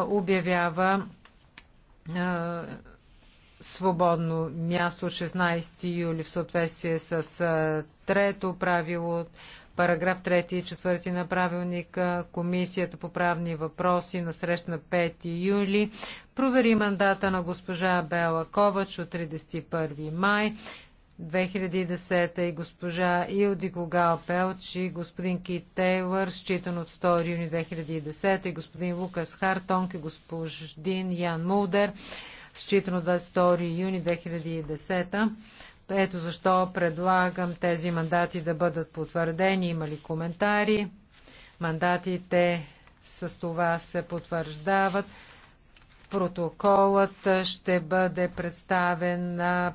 обявява свободно място 16 юли в съответствие с трето правило, параграф 3 и 4 на правилника, Комисията по правни въпроси на срещна 5 юли, провери мандата на госпожа Бела Ковач от 31 май, 2010 и госпожа Илди Когал Пелч и господин Кит Тейлър, считан от 2 юни 2010 и господин Лукас Хартонг и господин Ян Мулдер, считан от 22 юни 2010. Ето защо предлагам тези мандати да бъдат потвърдени. Има ли коментари? Мандатите с това се потвърждават. Протоколът ще бъде представен на